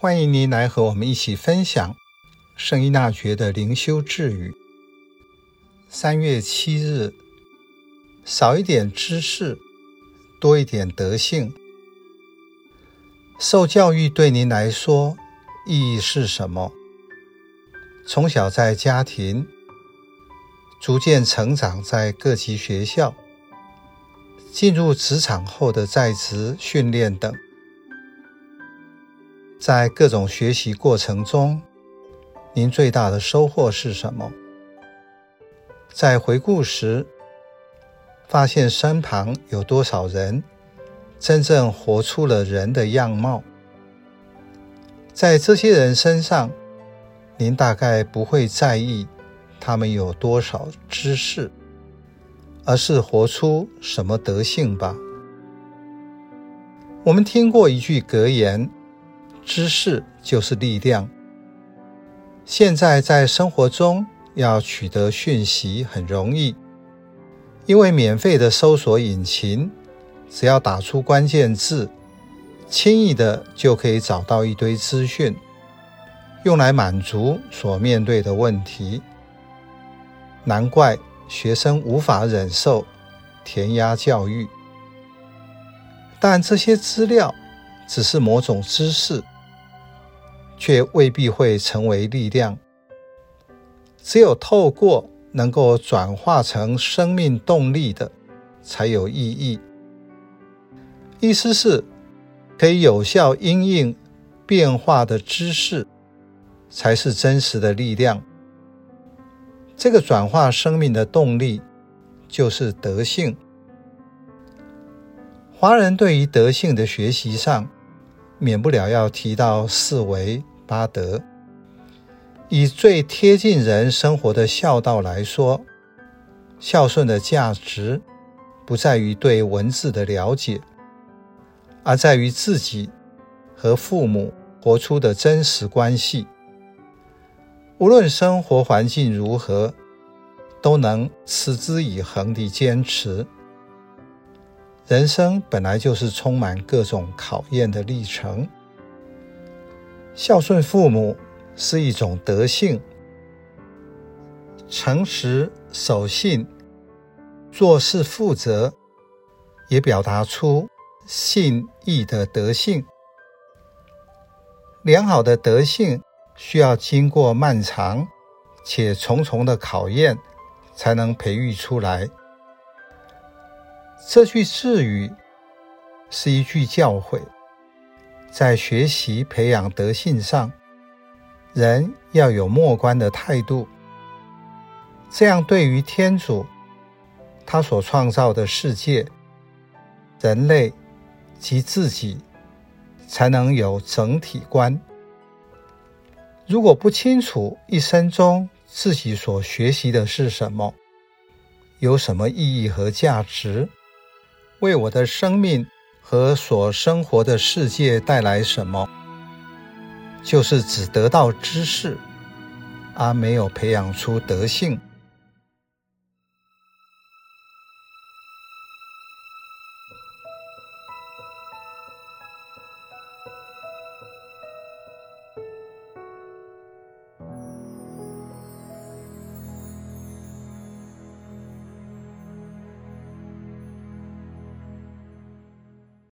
歡迎您來和我們一起分享聖依納爵的靈修智語。三月七日，少一點知識，多一點德行。受教育對您來說意義是什麼？從小在家庭，逐漸成長在各級學校，進入職場後的在職訓練等。在各種學習過程中，您最大的收穫是什麼？在回顧時，發現身旁有多少人真正活出了人的樣貌？在這些人身上，您大概不會在意他們有多少知識，而是活出什麼德行吧？我們聽過一句格言。知識就是力量。現在在生活中要取得訊息很容易，因為免費的搜尋引擎，只要打出關鍵字，輕易的就可以找到一堆資訊，用來滿足所面對的問題。難怪學生無法忍受填鴨教育。但這些資料只是某種知識，卻未必會成為力量，只有透過能夠轉化成生命動力的，才有意義。意思是，可以有效因應變化的知識，才是真實的力量。這個轉化生命的動力，就是德性。華人對於德性的學習上，免不了要提到四維八德。以最貼近人生活的孝道來說，孝順的價值不在於對文字的了解，而在於自己和父母活出的真實關係。無論生活環境如何，都能持之以恆地堅持。人生本來就是充滿各種考驗的歷程。孝順父母是一種德性，誠實守信、做事負責，也表達出信義的德性。良好的德性需要經過漫長且重重的考驗，才能培育出來。這句智語是一句教誨，在學習培養德性上，人要有默觀的態度。這樣，對於天主，他所創造的世界，人類及自己，才能有整體觀。如果不清楚一生中自己所學習的是什麼，有什麼意義和價值？為我的生命和所生活的世界帶來什麼？就是只得到知識，而沒有培養出德行。